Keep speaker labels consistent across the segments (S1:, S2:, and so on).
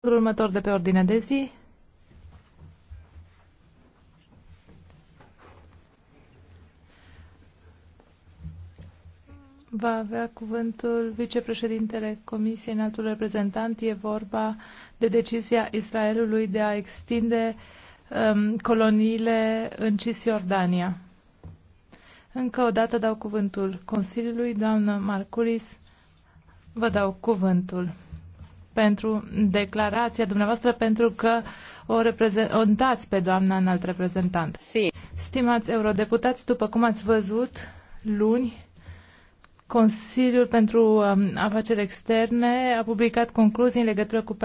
S1: Punctul următor de pe ordinea de zi. Va avea cuvântul vicepreședintele Comisiei Înaltul Reprezentant. E vorba de decizia Israelului de a extinde um, coloniile în Cisjordania. Încă o dată dau cuvântul Consiliului. Doamnă Marculis, vă dau cuvântul pentru declarația dumneavoastră, pentru că o reprezentați pe doamna înalt reprezentant. Si. Stimați eurodeputați, după cum ați văzut, luni, Consiliul pentru um, Afaceri Externe a publicat concluzii în legătură cu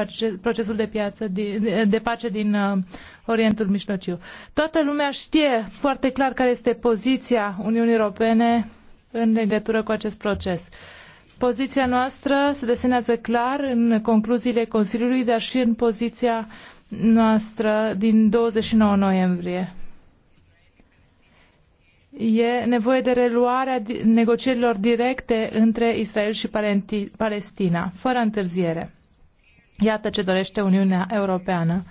S1: procesul de, piață din, de pace din uh, Orientul Mijlociu. Toată lumea știe foarte clar care este poziția Uniunii Europene în legătură cu acest proces. Poziția noastră se desenează clar în concluziile Consiliului, dar și în poziția noastră din 29 noiembrie. E nevoie de reluarea negocierilor directe între Israel și Palestina, fără întârziere. Iată ce dorește Uniunea Europeană.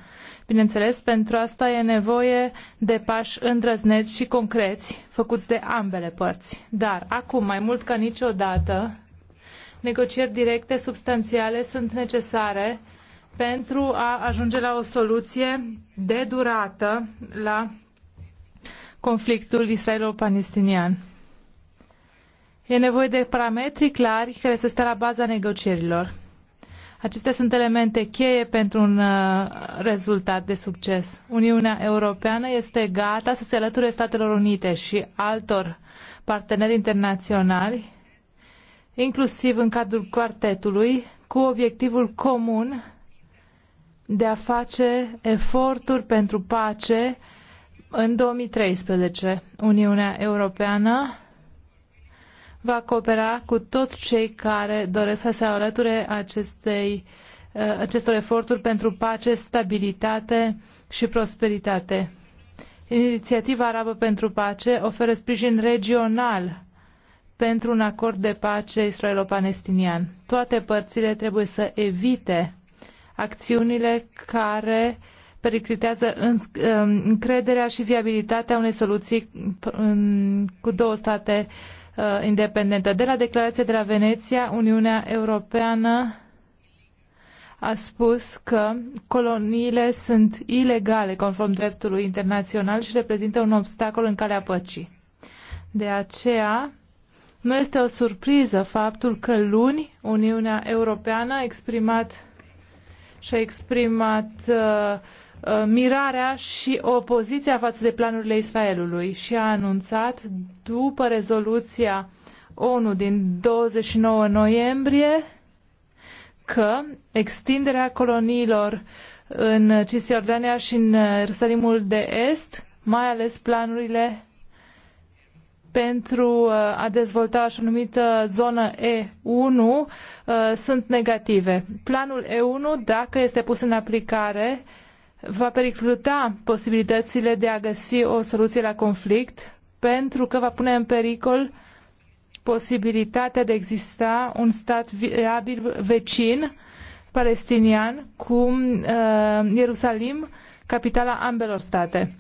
S1: Bineînțeles, pentru asta e nevoie de pași îndrăzneți și concreți, făcuți de ambele părți. Dar, acum, mai mult ca niciodată, negocieri directe, substanțiale, sunt necesare pentru a ajunge la o soluție de durată la conflictul israelo-palestinian. E nevoie de parametri clari care să stea la baza negocierilor. Acestea sunt elemente cheie pentru un uh, rezultat de succes. Uniunea Europeană este gata să se alăture Statelor Unite și altor parteneri internaționali inclusiv în cadrul quartetului, cu obiectivul comun de a face eforturi pentru pace în 2013. Uniunea Europeană va coopera cu toți cei care doresc să se alăture acestei, uh, acestor eforturi pentru pace, stabilitate și prosperitate. Inițiativa Arabă pentru Pace oferă sprijin regional pentru un acord de pace israelo-palestinian. Toate părțile trebuie să evite acțiunile care periclitează um, încrederea și viabilitatea unei soluții cu două state uh, independente. De la declarația de la Veneția, Uniunea Europeană a spus că coloniile sunt ilegale conform dreptului internațional și reprezintă un obstacol în calea păcii. De aceea, nu este o surpriză faptul că luni Uniunea Europeană a exprimat și-a exprimat uh, uh, mirarea și opoziția față de planurile Israelului și a anunțat după rezoluția ONU din 29 noiembrie că extinderea coloniilor în Cisjordania și în Ierusalimul de Est, mai ales planurile pentru uh, a dezvolta așa numită zonă E1 uh, sunt negative. Planul E1, dacă este pus în aplicare, va pericluta posibilitățile de a găsi o soluție la conflict pentru că va pune în pericol posibilitatea de a exista un stat viabil vecin palestinian cu uh, Ierusalim, capitala ambelor state.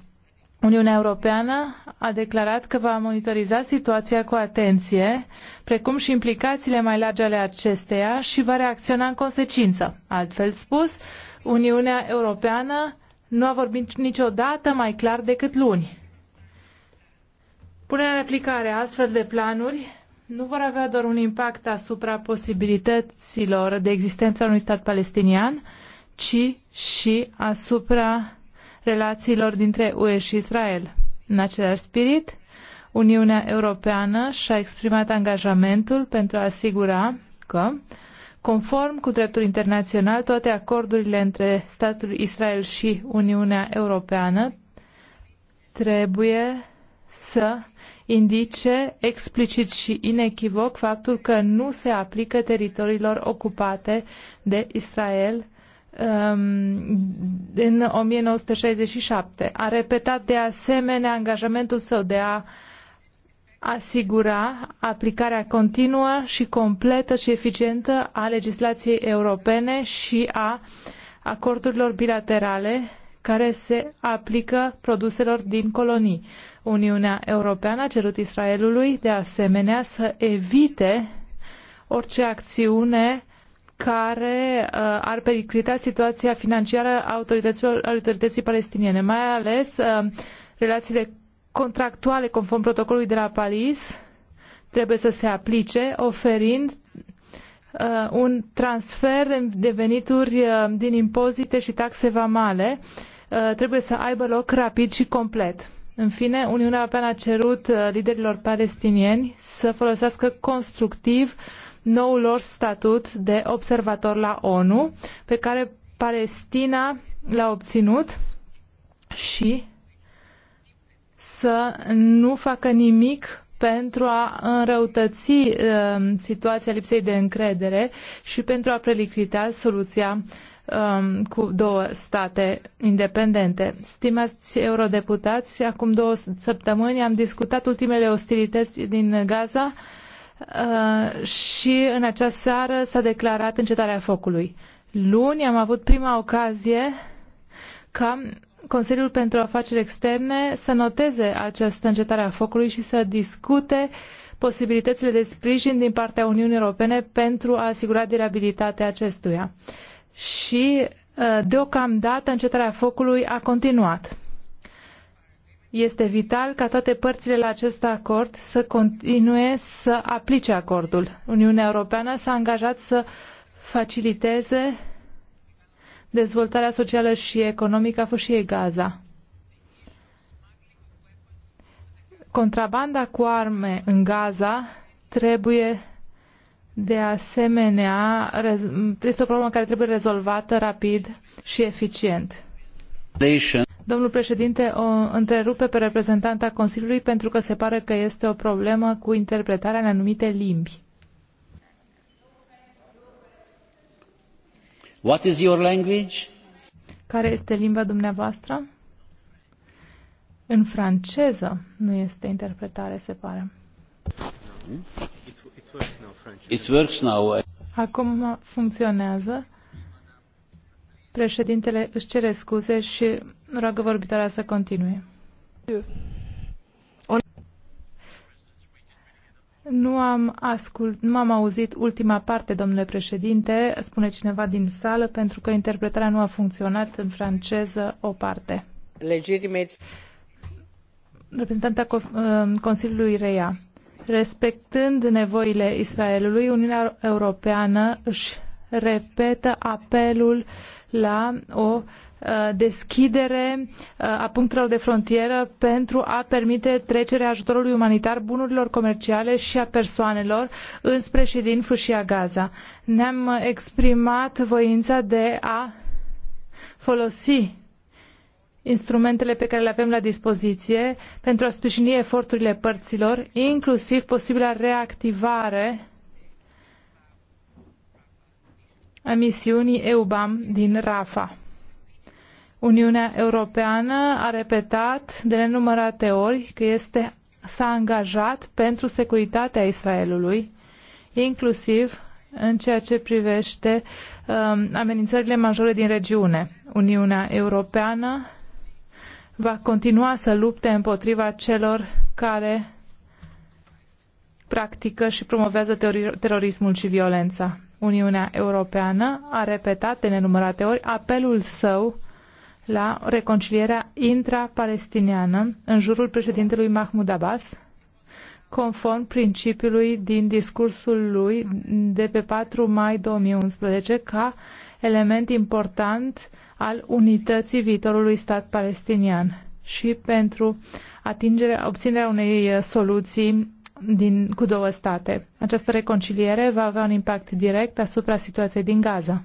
S1: Uniunea Europeană a declarat că va monitoriza situația cu atenție, precum și implicațiile mai largi ale acesteia și va reacționa în consecință. Altfel spus, Uniunea Europeană nu a vorbit niciodată mai clar decât luni. Punerea în aplicare astfel de planuri nu vor avea doar un impact asupra posibilităților de existență a unui stat palestinian, ci și asupra relațiilor dintre UE și Israel. În același spirit, Uniunea Europeană și-a exprimat angajamentul pentru a asigura că, conform cu dreptul internațional, toate acordurile între statul Israel și Uniunea Europeană trebuie să indice explicit și inechivoc faptul că nu se aplică teritoriilor ocupate de Israel Um, în 1967. A repetat de asemenea angajamentul său de a asigura aplicarea continuă și completă și eficientă a legislației europene și a acordurilor bilaterale care se aplică produselor din colonii. Uniunea Europeană a cerut Israelului de asemenea să evite orice acțiune care uh, ar periclita situația financiară a autorităților, autorității palestiniene, mai ales uh, relațiile contractuale conform protocolului de la Paris trebuie să se aplice, oferind uh, un transfer de venituri uh, din impozite și taxe vamale. Uh, trebuie să aibă loc rapid și complet. În fine, Uniunea Europeană a cerut uh, liderilor palestinieni să folosească constructiv uh, noul lor statut de observator la ONU, pe care Palestina l-a obținut și să nu facă nimic pentru a înrăutăți uh, situația lipsei de încredere și pentru a prelicvita soluția um, cu două state independente. Stimați eurodeputați, acum două săptămâni am discutat ultimele ostilități din Gaza Uh, și în acea seară s-a declarat încetarea focului. Luni am avut prima ocazie ca Consiliul pentru Afaceri Externe să noteze această încetare a focului și să discute posibilitățile de sprijin din partea Uniunii Europene pentru a asigura durabilitatea acestuia. Și uh, deocamdată încetarea focului a continuat. Este vital ca toate părțile la acest acord să continue să aplice acordul. Uniunea Europeană s-a angajat să faciliteze dezvoltarea socială și economică a fâșiei Gaza. Contrabanda cu arme în Gaza trebuie de asemenea, este o problemă care trebuie rezolvată rapid și eficient. Domnul președinte o întrerupe pe reprezentanta Consiliului pentru că se pare că este o problemă cu interpretarea în anumite limbi.
S2: What is your language?
S1: Care este limba dumneavoastră? În franceză nu este interpretare, se pare. It works now. Acum funcționează. Președintele își cere scuze și roagă vorbitoarea să continue. Nu am, ascult, nu am auzit ultima parte, domnule președinte, spune cineva din sală, pentru că interpretarea nu a funcționat în franceză o parte.
S2: Legitimate.
S1: Reprezentanta uh, Consiliului Reia. Respectând nevoile Israelului, Uniunea Europeană își repetă apelul la o uh, deschidere uh, a punctelor de frontieră pentru a permite trecerea ajutorului umanitar, bunurilor comerciale și a persoanelor înspre și din fâșia Gaza. Ne-am exprimat voința de a folosi instrumentele pe care le avem la dispoziție pentru a sprijini eforturile părților, inclusiv posibila reactivare a misiunii EUBAM din Rafa. Uniunea Europeană a repetat de nenumărate ori că este, s-a angajat pentru securitatea Israelului, inclusiv în ceea ce privește um, amenințările majore din regiune. Uniunea Europeană va continua să lupte împotriva celor care practică și promovează terorismul și violența. Uniunea Europeană a repetat de nenumărate ori apelul său la reconcilierea intra-palestiniană în jurul președintelui Mahmoud Abbas, conform principiului din discursul lui de pe 4 mai 2011 ca element important al unității viitorului stat palestinian și pentru atingerea, obținerea unei soluții din, cu două state. Această reconciliere va avea un impact direct asupra situației din Gaza,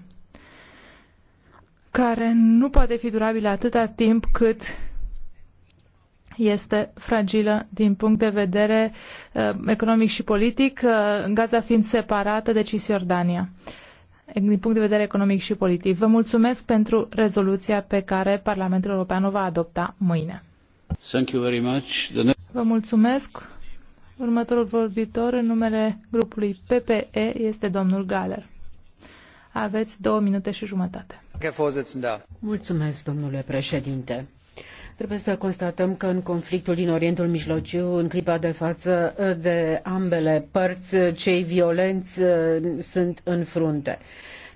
S1: care nu poate fi durabilă atâta timp cât este fragilă din punct de vedere uh, economic și politic, uh, Gaza fiind separată de Cisjordania din punct de vedere economic și politic. Vă mulțumesc pentru rezoluția pe care Parlamentul European o va adopta mâine. Thank you very much. The... Vă mulțumesc. Următorul vorbitor în numele grupului PPE
S2: este domnul Galer. Aveți două minute și jumătate. Mulțumesc, domnule președinte. Trebuie să constatăm că în conflictul din Orientul Mijlociu, în clipa de față, de ambele părți, cei violenți uh, sunt în frunte.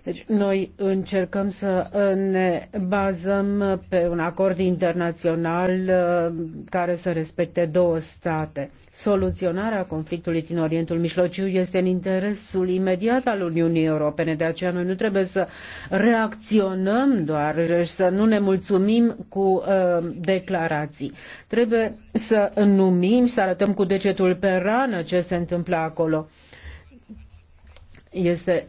S2: Deci noi încercăm să uh, ne bazăm pe un acord internațional uh, care să respecte două state. Soluționarea conflictului din Orientul Mijlociu este în interesul imediat al Uniunii Europene, de aceea noi nu trebuie să reacționăm doar și să nu ne mulțumim cu uh, declarații. Trebuie să numim și să arătăm cu degetul pe rană ce se întâmplă acolo este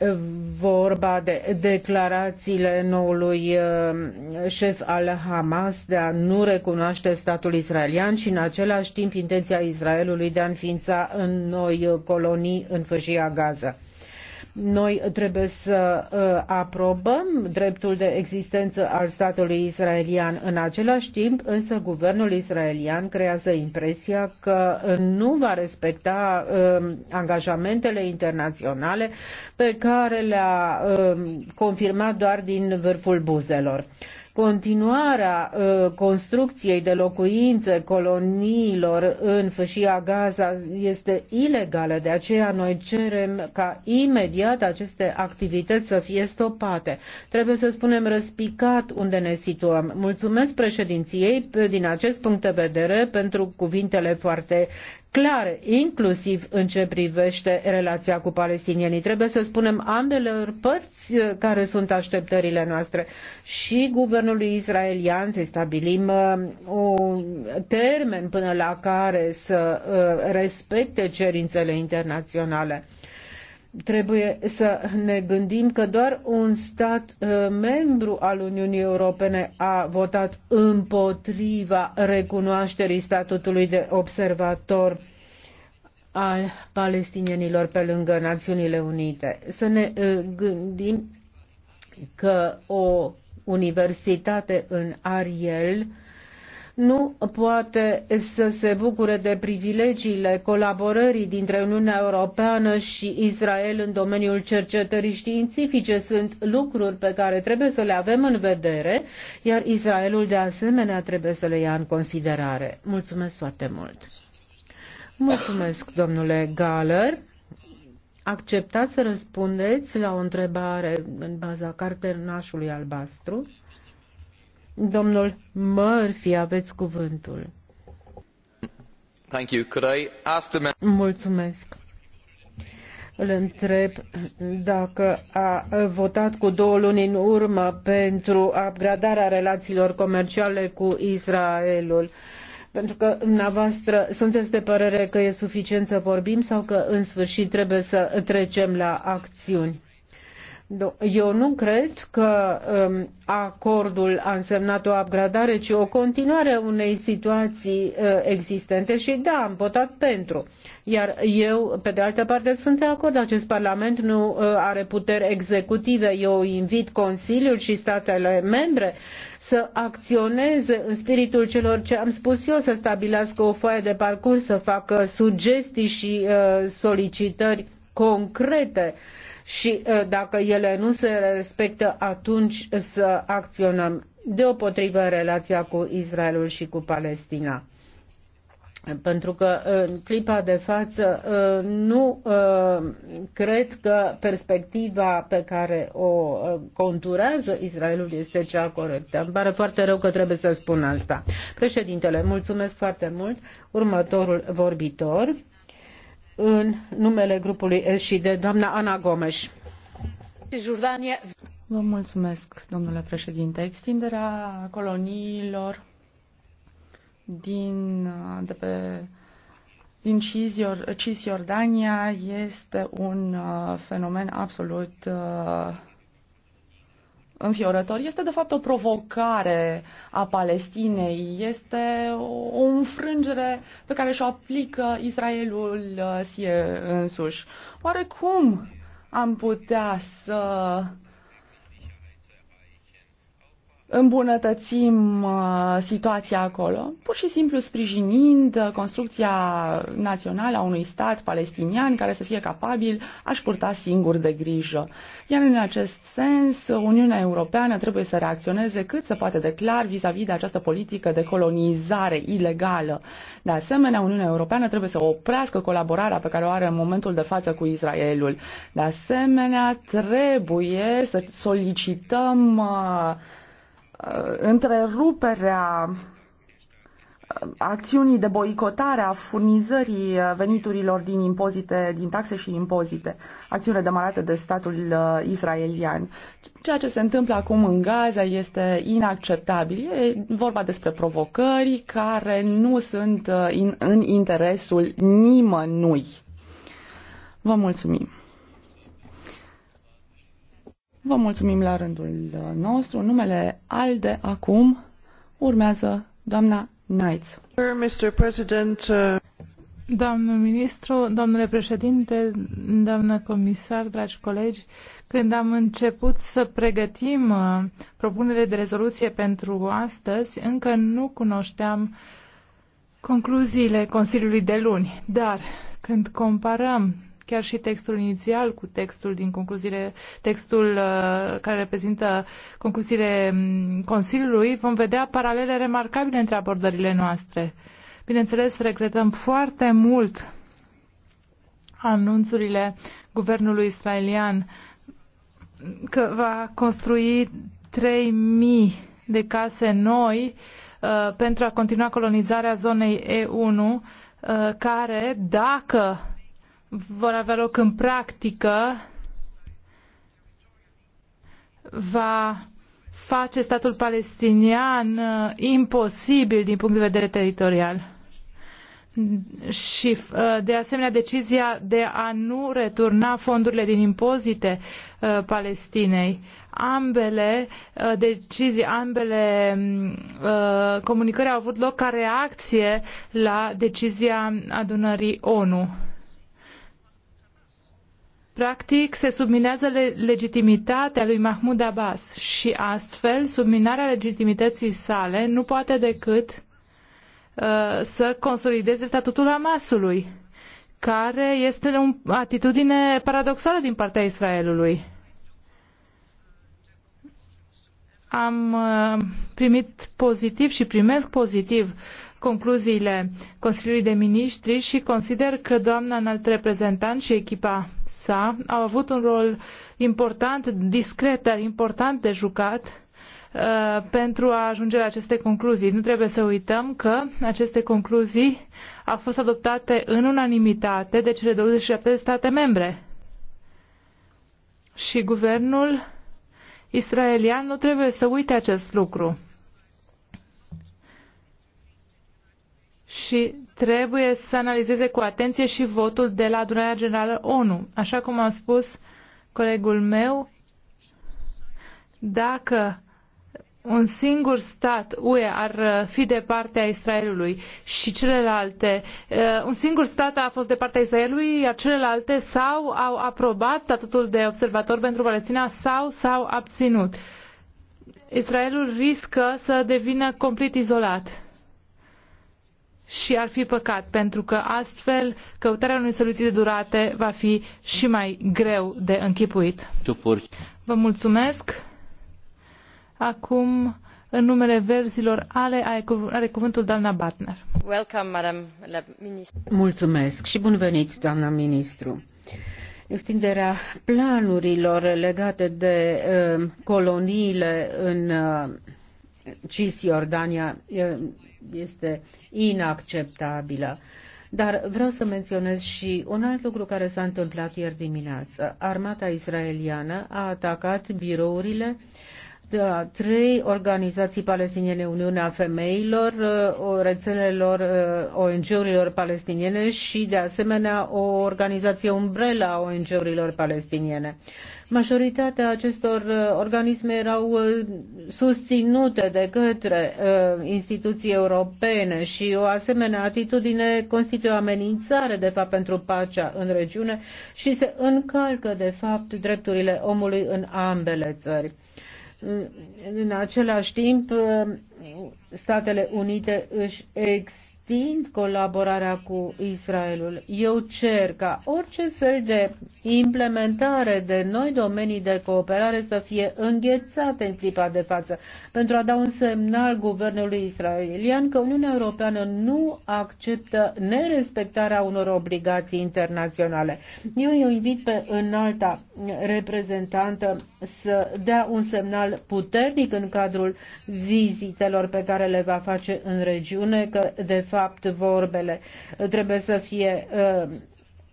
S2: vorba de declarațiile noului uh, șef al Hamas de a nu recunoaște statul israelian și în același timp intenția Israelului de a înființa în noi colonii în fâșia Gaza. Noi trebuie să uh, aprobăm dreptul de existență al statului israelian în același timp, însă guvernul israelian creează impresia că nu va respecta um, angajamentele internaționale pe care le-a um, confirmat doar din vârful buzelor. Continuarea uh, construcției de locuințe coloniilor în fâșia Gaza este ilegală, de aceea noi cerem ca imediat aceste activități să fie stopate. Trebuie să spunem răspicat unde ne situăm. Mulțumesc președinției din acest punct de vedere pentru cuvintele foarte clare, inclusiv în ce privește relația cu palestinienii. Trebuie să spunem ambelor părți uh, care sunt așteptările noastre. Și guvernului israelian să stabilim uh, un termen până la care să uh, respecte cerințele internaționale trebuie să ne gândim că doar un stat uh, membru al Uniunii Europene a votat împotriva recunoașterii statutului de observator al palestinienilor pe lângă Națiunile Unite. Să ne uh, gândim că o universitate în Ariel nu poate să se bucure de privilegiile colaborării dintre Uniunea Europeană și Israel în domeniul cercetării științifice. Sunt lucruri pe care trebuie să le avem în vedere, iar Israelul de asemenea trebuie să le ia în considerare. Mulțumesc foarte mult! Mulțumesc, domnule Galer. Acceptați să răspundeți la o întrebare în baza cartenașului albastru? Domnul Murphy, aveți cuvântul. Thank you. Could I ask the... Mulțumesc îl întreb dacă a votat cu două luni în urmă pentru upgradarea relațiilor comerciale cu Israelul. Pentru că dumneavoastră sunteți de părere că e suficient să vorbim sau că în sfârșit trebuie să trecem la acțiuni. Eu nu cred că um, acordul a însemnat o upgradare, ci o continuare a unei situații uh, existente și da, am votat pentru. Iar eu, pe de altă parte, sunt de acord, acest Parlament nu uh, are puteri executive. Eu invit Consiliul și statele membre să acționeze în spiritul celor ce am spus eu, să stabilească o foaie de parcurs, să facă sugestii și uh, solicitări concrete uh, și uh, dacă ele nu se respectă, atunci să acționăm deopotrivă în relația cu Israelul și cu Palestina pentru că în clipa de față uh, nu uh, cred că perspectiva pe care o conturează Israelul este cea corectă. Îmi pare foarte rău că trebuie să spun asta. Președintele, mulțumesc foarte mult. Următorul vorbitor în numele grupului S și de doamna Ana Gomes. Jordania.
S3: Vă mulțumesc, domnule președinte. Extinderea coloniilor din, de pe, din Cisiordania este un uh, fenomen absolut uh, înfiorător este de fapt o provocare a Palestinei, este o înfrângere pe care și-o aplică Israelul uh, sie însuși. Oare cum am putea să uh, îmbunătățim uh, situația acolo, pur și simplu sprijinind uh, construcția națională a unui stat palestinian care să fie capabil a-și purta singur de grijă. Iar în acest sens, Uniunea Europeană trebuie să reacționeze cât se poate de clar vis-a-vis -vis de această politică de colonizare ilegală. De asemenea, Uniunea Europeană trebuie să oprească colaborarea pe care o are în momentul de față cu Israelul. De asemenea, trebuie să solicităm uh, Uh, întreruperea uh, acțiunii de boicotare a furnizării uh, veniturilor din impozite, din taxe și impozite, acțiune demarată de statul israelian. Ceea ce se întâmplă acum în Gaza este inacceptabil. E vorba despre provocări care nu sunt în interesul nimănui. Vă mulțumim! Vă mulțumim la rândul uh, nostru. Numele ALDE acum urmează doamna Knight.
S1: Mr. President, uh... Doamnă ministru, domnule președinte, doamnă comisar, dragi colegi, când am început să pregătim uh, propunerea de rezoluție pentru astăzi, încă nu cunoșteam concluziile Consiliului de luni, dar când comparăm chiar și textul inițial cu textul din concluziile, textul uh, care reprezintă concluziile mm, Consiliului, vom vedea paralele remarcabile între abordările noastre. Bineînțeles, regretăm foarte mult anunțurile guvernului israelian că va construi 3000 de case noi uh, pentru a continua colonizarea zonei E1, uh, care, dacă vor avea loc în practică va face statul palestinian uh, imposibil din punct de vedere teritorial. Și, uh, de asemenea, decizia de a nu returna fondurile din impozite uh, Palestinei. Ambele decizii, ambele mm, comunicări au avut loc ca reacție la decizia adunării ONU. Practic, se subminează legitimitatea lui Mahmoud Abbas și astfel subminarea legitimității sale nu poate decât uh, să consolideze statutul Hamasului, care este o atitudine paradoxală din partea Israelului. Am uh, primit pozitiv și primesc pozitiv concluziile Consiliului de Ministri și consider că doamna înalt reprezentant și echipa sa au avut un rol important, discret, dar important de jucat uh, pentru a ajunge la aceste concluzii. Nu trebuie să uităm că aceste concluzii au fost adoptate în unanimitate de cele 27 de state membre. Și guvernul israelian nu trebuie să uite acest lucru. și trebuie să analizeze cu atenție și votul de la adunarea generală ONU. Așa cum a spus colegul meu, dacă un singur stat UE ar uh, fi de partea Israelului și celelalte, uh, un singur stat a fost de partea Israelului, iar celelalte sau au aprobat statutul de observator pentru Palestina sau s-au abținut. Israelul riscă să devină complet izolat și ar fi păcat, pentru că astfel căutarea unei soluții de durate va fi și mai greu de închipuit. Vă mulțumesc. Acum, în numele verzilor ale, are cuvântul doamna Batner.
S2: Welcome, madam, Mulțumesc și bun venit, doamna ministru extinderea planurilor legate de uh, coloniile în uh, Cisjordania uh, este inacceptabilă. Dar vreau să menționez și un alt lucru care s-a întâmplat ieri dimineață. Armata israeliană a atacat birourile uh, trei organizații palestiniene, Uniunea Femeilor, uh, rețelelor uh, ONG-urilor palestiniene și, de asemenea, o organizație umbrela a ONG-urilor palestiniene. Majoritatea acestor uh, organisme erau susținute de către instituții europene și o asemenea atitudine constituie o amenințare, de fapt, pentru pacea în regiune și se încalcă, de fapt, drepturile omului în ambele țări. În același timp, Statele Unite își ex- extind colaborarea cu Israelul. Eu cer ca orice fel de implementare de noi domenii de cooperare să fie înghețate în clipa de față, pentru a da un semnal guvernului israelian că Uniunea Europeană nu acceptă nerespectarea unor obligații internaționale. Eu îi invit pe înalta reprezentantă să dea un semnal puternic în cadrul vizitelor pe care le va face în regiune că de fapt vorbele. Trebuie să fie uh,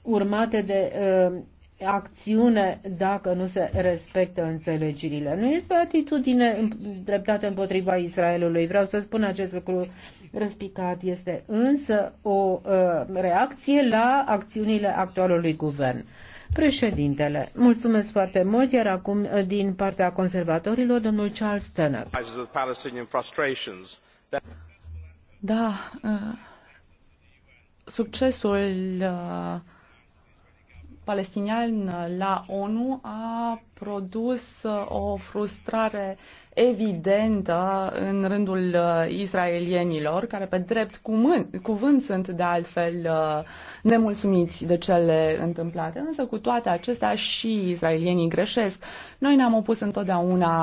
S2: urmate de uh, acțiune dacă nu se respectă înțelegerile. Nu este o atitudine dreptată împotriva Israelului. Vreau să spun acest lucru răspicat. Este însă o uh, reacție la acțiunile actualului guvern. Președintele, mulțumesc foarte mult, iar acum uh, din partea conservatorilor, domnul Charles Tanner.
S3: Da, uh, succesul uh, palestinian uh, la ONU a produs o frustrare evidentă în rândul uh, israelienilor, care pe drept cuvânt, sunt de altfel uh, nemulțumiți de cele întâmplate. Însă cu toate acestea și israelienii greșesc. Noi ne-am opus întotdeauna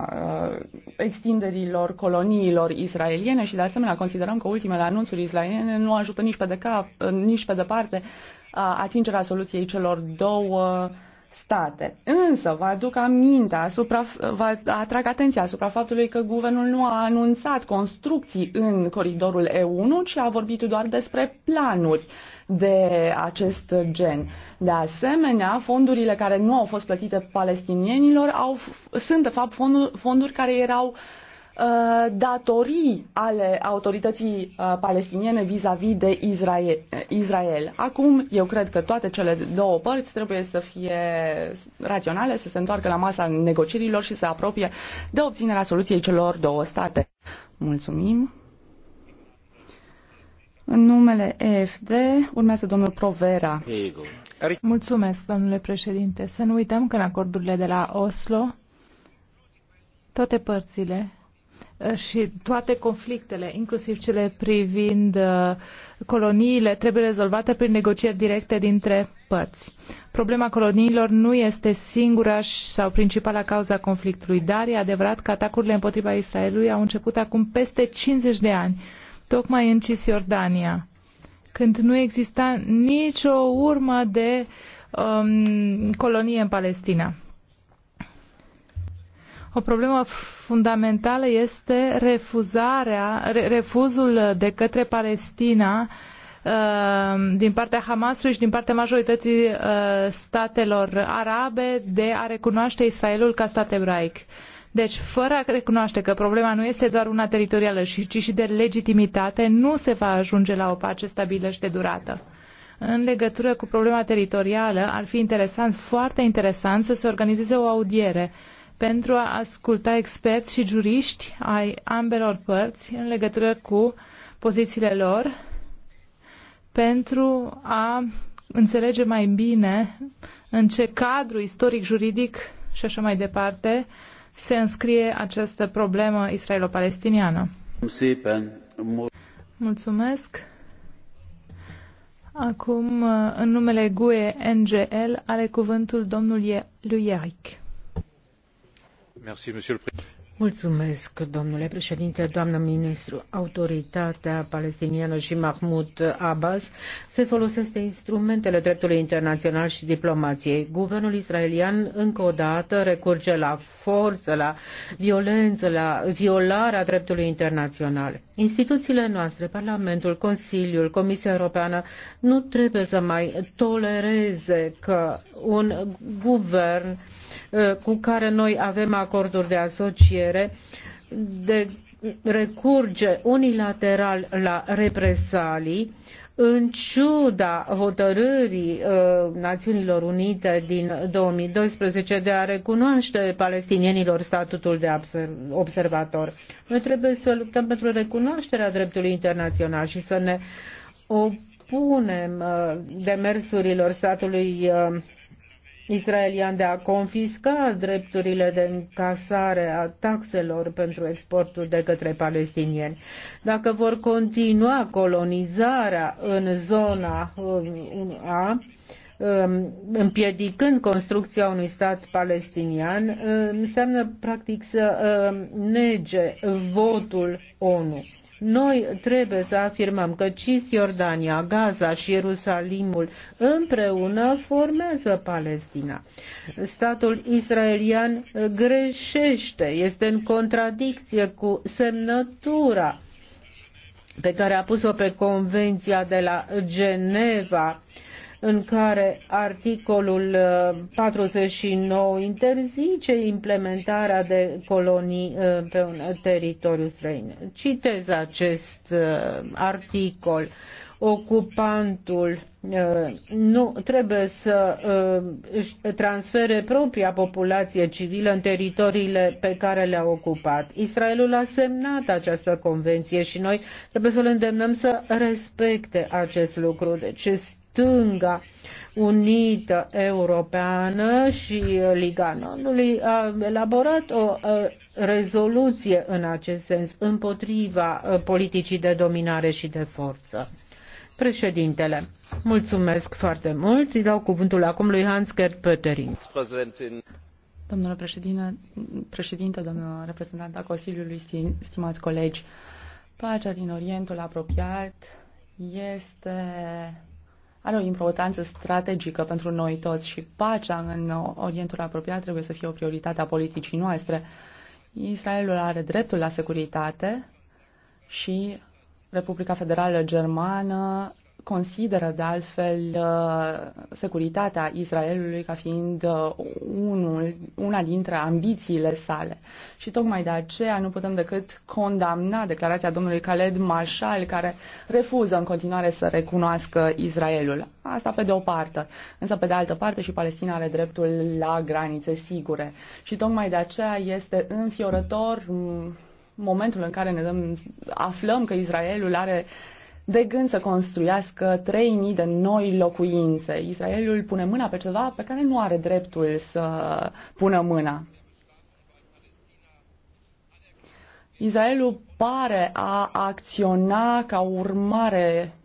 S3: uh, extinderilor coloniilor israeliene și de asemenea considerăm că ultimele anunțuri israeliene nu ajută nici pe, de cap, nici pe departe atingerea soluției celor două uh, state. Însă vă aduc aminte, asupra, vă atrag atenția asupra faptului că guvernul nu a anunțat construcții în coridorul E1, ci a vorbit doar despre planuri de acest gen. De asemenea, fondurile care nu au fost plătite palestinienilor au, sunt de fapt fonduri, fonduri care erau uh, Uh, datorii ale autorității uh, palestiniene vis-a-vis -vis de uh, Israel. Acum, eu cred că toate cele două părți trebuie să fie raționale, să se întoarcă la masa negocierilor și să apropie de obținerea soluției celor două state. Mulțumim. În numele EFD
S1: urmează domnul Provera. Mulțumesc, domnule președinte. Să nu uităm că în acordurile de la Oslo toate părțile Eh, și toate conflictele, inclusiv cele privind eh, coloniile, trebuie rezolvate prin negocieri directe dintre părți. Problema coloniilor nu este singura sau principala cauza conflictului, dar e adevărat că atacurile împotriva Israelului au început acum peste 50 de ani, tocmai în Cisjordania, când nu exista nicio urmă de um, colonie în Palestina. O problemă fundamentală este refuzarea, refuzul de către Palestina uh, din partea Hamasului și din partea majorității uh, statelor arabe de a recunoaște Israelul ca stat ebraic. Deci, fără a recunoaște că problema nu este doar una teritorială, ci și de legitimitate, nu se va ajunge la o pace stabilă și de durată. În legătură cu problema teritorială, ar fi interesant, foarte interesant, să se organizeze o audiere pentru a asculta experți și juriști ai ambelor părți în legătură cu pozițiile lor, pentru a înțelege mai bine în ce cadru istoric, juridic și așa mai departe se înscrie această problemă israelo-palestiniană. Mulțumesc. Acum, în numele GUE NGL, are cuvântul domnul
S2: lui Ieric. Mulțumesc, domnule președinte, doamnă ministru. Autoritatea palestiniană și Mahmoud Abbas se folosesc de instrumentele dreptului internațional și diplomației. Guvernul israelian încă o dată recurge la forță, la violență, la violarea dreptului internațional. Instituțiile noastre, Parlamentul, Consiliul, Comisia Europeană, nu trebuie să mai tolereze că un guvern Uh, cu care noi avem acorduri de asociere de recurge unilateral la represalii în ciuda hotărârii uh, Națiunilor Unite din 2012 de a recunoaște palestinienilor statutul de observator. Noi trebuie să luptăm pentru recunoașterea dreptului internațional și să ne opunem uh, demersurilor statului uh, israelian de a confisca drepturile de încasare a taxelor pentru exporturi de către palestinieni. Dacă vor continua colonizarea în zona um, a um, împiedicând construcția unui stat palestinian, um, înseamnă practic să nege votul ONU. Noi trebuie să afirmăm că Cisjordania, Gaza și Ierusalimul împreună formează Palestina. Statul israelian greșește, este în contradicție cu semnătura pe care a pus-o pe Convenția de la Geneva în care articolul 49 uh, interzice implementarea de colonii uh, pe un teritoriu străin. Citez acest uh, articol. Ocupantul nu trebuie să își transfere propria populație civilă în teritoriile pe care le-a ocupat. Israelul a semnat această convenție și noi trebuie să-l îndemnăm să respecte acest lucru. Deci stânga unită europeană și Liga Nordului a elaborat o rezoluție în acest sens împotriva politicii de dominare și de forță. Președintele, mulțumesc foarte mult. Îi dau cuvântul acum lui Hans-Gerd Pöttering.
S3: Domnule președinte, președinte, domnul reprezentant al Consiliului, stimați colegi, pacea din Orientul apropiat este are o importanță strategică pentru noi toți și pacea în Orientul apropiat trebuie să fie o prioritate a politicii noastre. Israelul are dreptul la securitate și Republica Federală Germană consideră de altfel uh, securitatea Israelului ca fiind uh, unul, una dintre ambițiile sale. Și tocmai de aceea nu putem decât condamna declarația domnului Khaled Mashal, care refuză în continuare să recunoască Israelul. Asta pe de o parte. Însă pe de altă parte și Palestina are dreptul la granițe sigure. Și tocmai de aceea este înfiorător mm, momentul în care ne dăm, aflăm că Israelul are uh, de gând să construiască 3.000 de noi locuințe. Israelul pune mâna pe ceva pe care nu are dreptul să pună mâna. Israelul pare a acționa ca urmare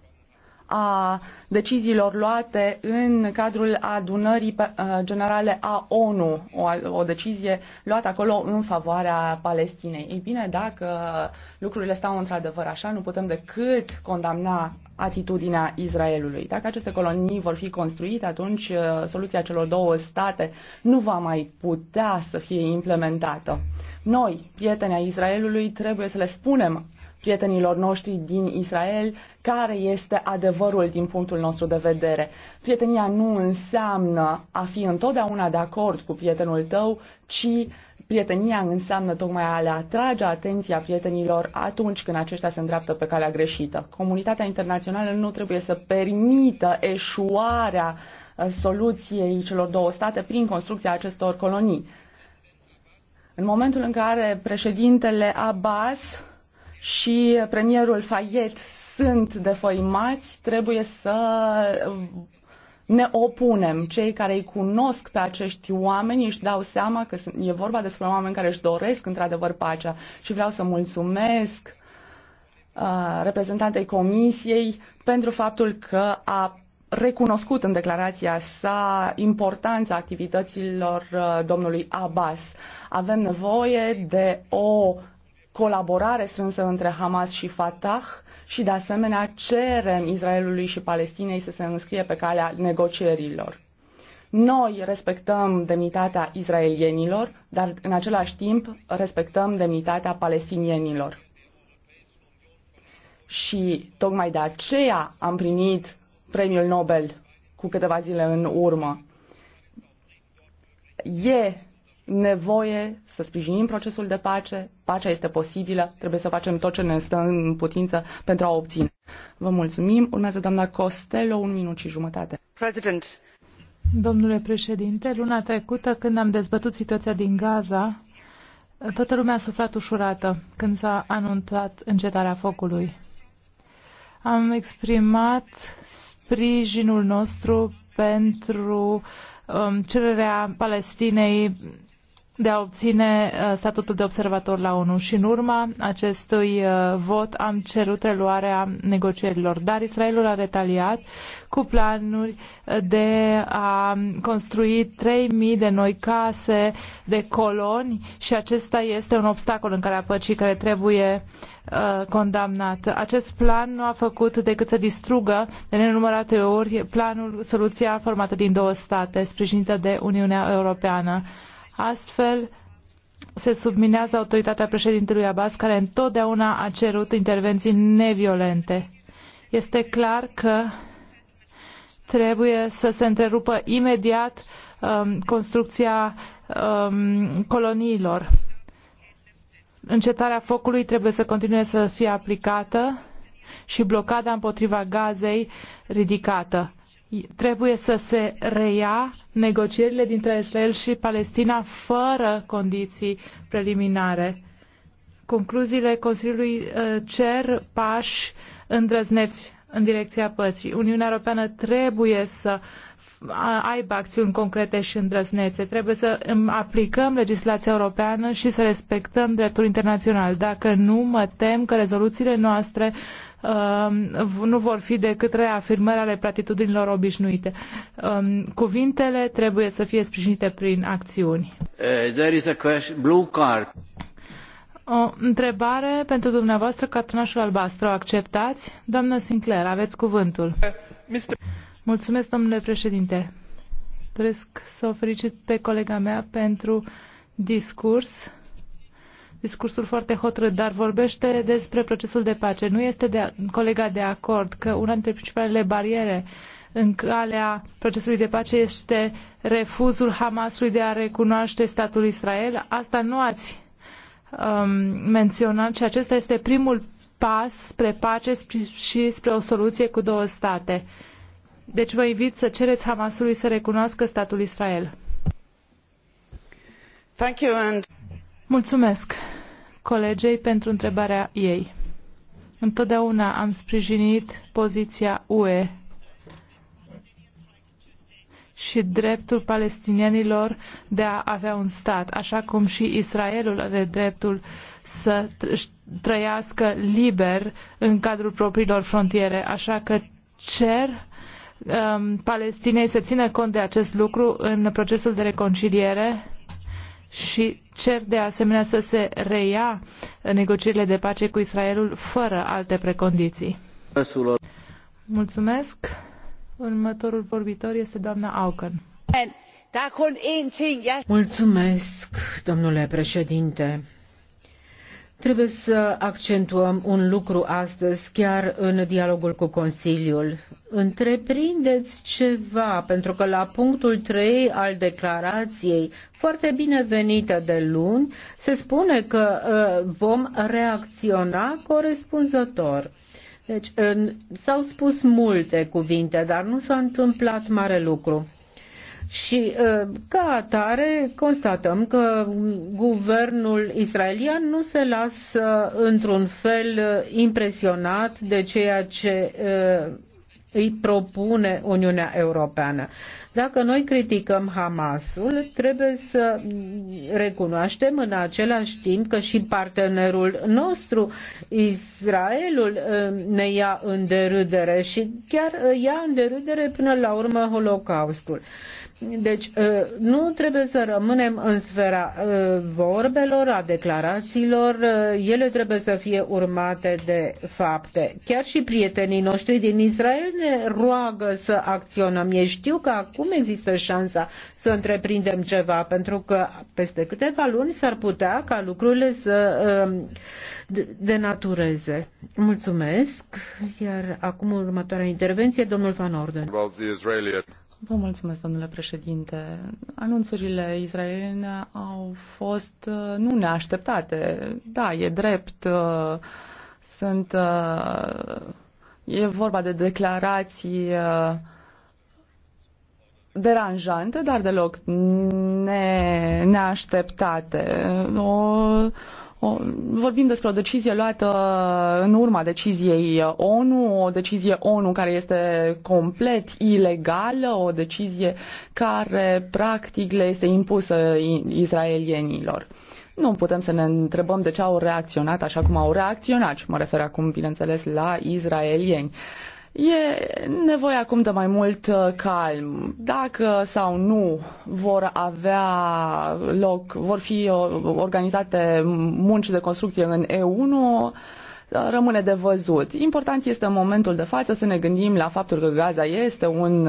S3: a deciziilor luate în cadrul adunării uh, generale a ONU, o, o decizie luată acolo în favoarea Palestinei. Ei bine, dacă lucrurile stau într-adevăr așa, nu putem decât condamna atitudinea Israelului. Dacă aceste colonii vor fi construite, atunci uh, soluția celor două state nu va mai putea să fie implementată. Noi, prietenii Israelului, trebuie să le spunem prietenilor noștri din Israel care este adevărul din punctul nostru de vedere. Prietenia nu înseamnă a fi întotdeauna de acord cu prietenul tău, ci prietenia înseamnă tocmai a le atrage atenția prietenilor atunci când aceștia se îndreaptă pe calea greșită. Comunitatea internațională nu trebuie să permită eșuarea uh, soluției celor două state prin construcția acestor colonii. În momentul în care președintele Abbas și premierul Fayet sunt defăimați, trebuie să um, ne opunem. Cei care îi cunosc pe acești oameni își dau seama că e vorba despre oameni care își doresc într-adevăr pacea și vreau să mulțumesc uh, reprezentantei Comisiei pentru faptul că a recunoscut în declarația sa importanța activităților uh, domnului Abbas. Avem nevoie de o colaborare strânsă între Hamas și Fatah și, de asemenea, cerem Israelului și Palestinei să se înscrie pe calea negocierilor. Noi respectăm demnitatea israelienilor, dar în același timp respectăm demnitatea palestinienilor. Și tocmai de aceea am primit premiul Nobel cu câteva zile în urmă. E nevoie să sprijinim procesul de pace, pacea este posibilă, trebuie să facem tot ce ne stă în putință pentru a o obține. Vă mulțumim. Urmează doamna Costello, un minut și jumătate. President.
S1: Domnule președinte, luna trecută când am dezbătut situația din Gaza, toată lumea a suflat ușurată când s-a anunțat încetarea focului. Am exprimat sprijinul nostru pentru um, cererea Palestinei de a obține uh, statutul de observator la ONU și în urma acestui uh, vot am cerut reluarea negocierilor, dar Israelul a retaliat cu planuri uh, de a construi 3000 de noi case de coloni și acesta este un obstacol în calea păcii care trebuie condamnat. Acest plan nu a făcut decât să distrugă de nenumărate ori planul, soluția formată din două state, sprijinită de Uniunea Europeană. Astfel, se subminează autoritatea președintelui Abbas, care întotdeauna a cerut intervenții neviolente. Este clar că trebuie să se întrerupă imediat um, construcția um, coloniilor. Încetarea focului trebuie să continue să fie aplicată și blocada împotriva gazei ridicată trebuie să se reia negocierile dintre Israel și Palestina fără condiții preliminare. Concluziile Consiliului uh, cer pași îndrăzneți în direcția păcii. Uniunea Europeană trebuie să uh, aibă acțiuni concrete și îndrăznețe. Trebuie să aplicăm legislația europeană și să respectăm dreptul internațional. Dacă nu, mă tem că rezoluțiile noastre Um, nu vor fi decât reafirmări ale platitudinilor obișnuite. Um, cuvintele trebuie să fie sprijinite prin acțiuni. Uh, there is a question, blue card. O întrebare pentru dumneavoastră, cartonașul albastru. acceptați? Doamnă Sinclair, aveți cuvântul. Uh, Mulțumesc, domnule președinte. Doresc să o felicit pe colega mea pentru discurs discursul foarte hotărât, dar vorbește despre procesul de pace. Nu este de, colega de acord că una dintre principalele bariere în calea procesului de pace este refuzul Hamasului de a recunoaște statul Israel. Asta nu ați um, menționat și acesta este primul pas spre pace și spre o soluție cu două state. Deci vă invit să cereți Hamasului să recunoască statul Israel. Mulțumesc colegei pentru întrebarea ei. Întotdeauna am sprijinit poziția UE și dreptul palestinienilor de a avea un stat, așa cum și Israelul are dreptul să trăiască liber în cadrul propriilor frontiere. Așa că cer um, Palestinei să țină cont de acest lucru în procesul de reconciliere și cer de asemenea să se reia negocierile de pace cu Israelul fără alte precondiții. Mulțumesc. Următorul vorbitor este doamna Auken.
S2: Mulțumesc, domnule președinte. Trebuie să accentuăm un lucru astăzi, chiar în dialogul cu Consiliul. Întreprindeți ceva, pentru că la punctul 3 al declarației, foarte binevenită de luni, se spune că uh, vom reacționa corespunzător. Deci, s-au spus multe cuvinte, dar nu s-a întâmplat mare lucru. Și ă, ca atare constatăm că guvernul israelian nu se lasă într-un fel ă, impresionat de ceea ce ă, îi propune Uniunea Europeană. Dacă noi criticăm Hamasul, trebuie să recunoaștem în același timp că și partenerul nostru, Israelul, ne ia în derâdere și chiar ia în derâdere până la urmă Holocaustul. Deci ă, nu trebuie să rămânem în sfera ă, vorbelor, a declarațiilor, ă, ele trebuie să fie urmate de fapte. Chiar și prietenii noștri din Israel ne roagă să acționăm. Ei știu că acum există șansa să întreprindem ceva, pentru că peste câteva luni s-ar putea ca lucrurile să denatureze. Mulțumesc. Iar acum următoarea intervenție, domnul Van
S3: Orden. Vă mulțumesc, domnule președinte. Anunțurile israeliene au fost uh, nu neașteptate. Da, e drept. Uh, sunt. Uh, e vorba de declarații deranjante, dar deloc ne, neașteptate. O, Vorbim despre o decizie luată în urma deciziei ONU, o decizie ONU care este complet ilegală, o decizie care practic le este impusă israelienilor. Nu putem să ne întrebăm de ce au reacționat așa cum au reacționat și mă refer acum, bineînțeles, la israelieni. E nevoie acum de mai mult uh, calm. Dacă sau nu vor avea loc, vor fi uh, organizate munci de construcție în E1, uh, rămâne de văzut. Important este în momentul de față să ne gândim la faptul că Gaza este un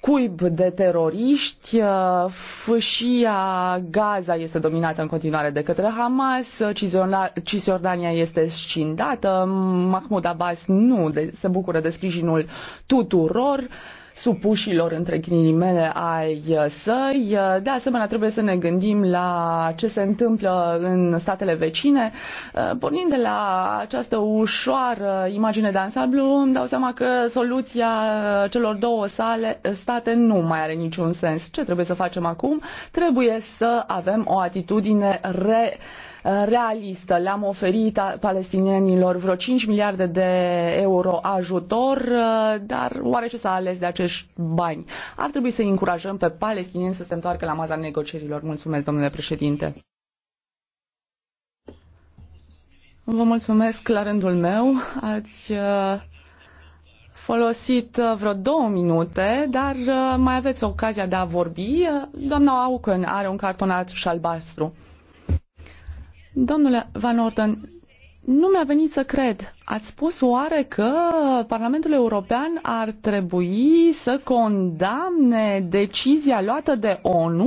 S3: cuib de teroriști, uh, fâșia Gaza este dominată în continuare de către Hamas, uh, Cisjordania este scindată, Mahmoud Abbas nu se bucură de sprijinul tuturor, supușilor, între ghilimele, ai uh, săi. Uh, de asemenea, trebuie să ne gândim la ce se întâmplă în statele vecine. Uh, pornind de la această ușoară imagine de ansamblu, îmi dau seama că soluția celor două sale, state nu mai are niciun sens. Ce trebuie să facem acum? Trebuie să avem o atitudine re- realistă. Le-am oferit palestinienilor vreo 5 miliarde de euro ajutor, uh, dar oare ce s-a ales de acești bani? Ar trebui să încurajăm pe palestinieni să se întoarcă la maza negocierilor. Mulțumesc, domnule președinte. Vă mulțumesc la rândul meu. Ați uh, folosit uh, vreo două minute, dar mai aveți ocazia de a vorbi. Doamna Auken are un și albastru. Domnule Van Orden, nu mi-a venit să cred. Ați spus oare că Parlamentul European ar trebui să condamne decizia luată de ONU?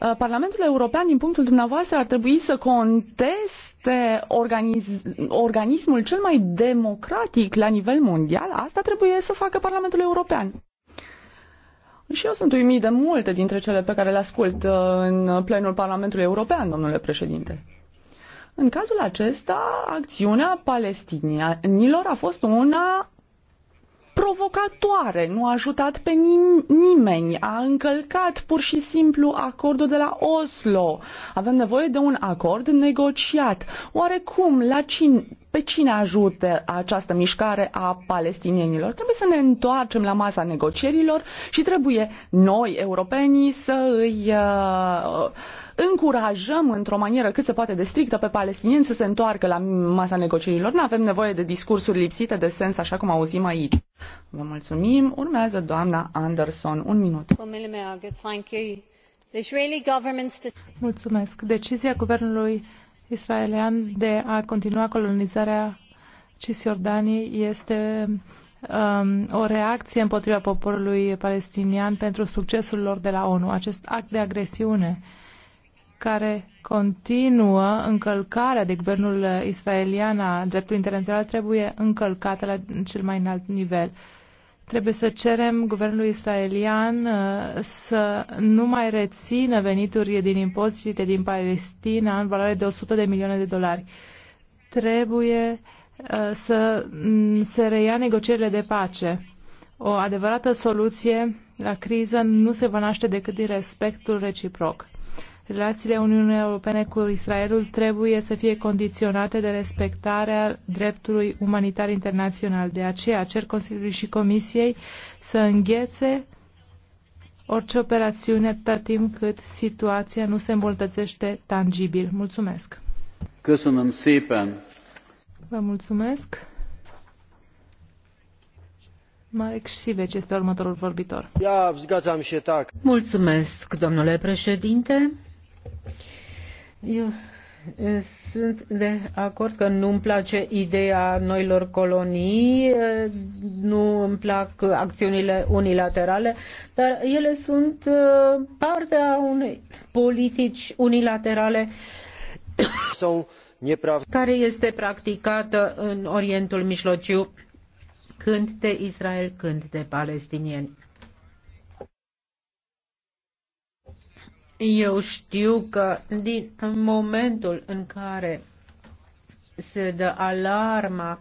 S3: Uh, Parlamentul European, din punctul dumneavoastră, ar trebui să conteste organiz- organismul cel mai democratic la nivel mondial? Asta trebuie să facă Parlamentul European. Și eu sunt uimit de multe dintre cele pe care le ascult uh, în plenul Parlamentului European, domnule președinte. În cazul acesta, acțiunea palestinianilor a fost una provocatoare, nu a ajutat pe nim- nimeni, a încălcat pur și simplu acordul de la Oslo. Avem nevoie de un acord negociat. Oarecum, la cine, pe cine ajută această mișcare a palestinienilor? Trebuie să ne întoarcem la masa negocierilor și trebuie noi, europenii, să îi uh, încurajăm într-o manieră cât se poate de strictă pe palestinieni să se întoarcă la masa negocierilor. Nu avem nevoie de discursuri lipsite de sens, așa cum auzim aici. Vă mulțumim. Urmează doamna Anderson. Un minut.
S1: Mulțumesc. Decizia guvernului israelian de a continua colonizarea Cisjordaniei este um, o reacție împotriva poporului palestinian pentru succesul lor de la ONU. Acest act de agresiune care continuă încălcarea de guvernul israelian a dreptului internațional trebuie încălcată la cel mai înalt nivel. Trebuie să cerem guvernului israelian uh, să nu mai rețină venituri din impozite din Palestina în valoare de 100 de milioane de dolari. Trebuie uh, să mm, se reia negocierile de pace. O adevărată soluție la criză nu se va naște decât din respectul reciproc. Relațiile Uniunii Europene cu Israelul trebuie să fie condiționate de respectarea dreptului umanitar internațional. De aceea cer Consiliului și Comisiei să înghețe orice operațiune atâta timp cât situația nu se îmbunătățește tangibil. Mulțumesc! Köszönöm szépen! Vă mulțumesc! Marek
S2: Șiveci este următorul vorbitor. Ja, zgadzam și tak. Mulțumesc, domnule președinte. Eu sunt de acord că nu mi place ideea noilor colonii, nu îmi plac acțiunile unilaterale, dar ele sunt parte a unei politici unilaterale care este practicată în Orientul Mijlociu, când de Israel, când de palestinieni. Eu știu că din momentul în care se dă alarma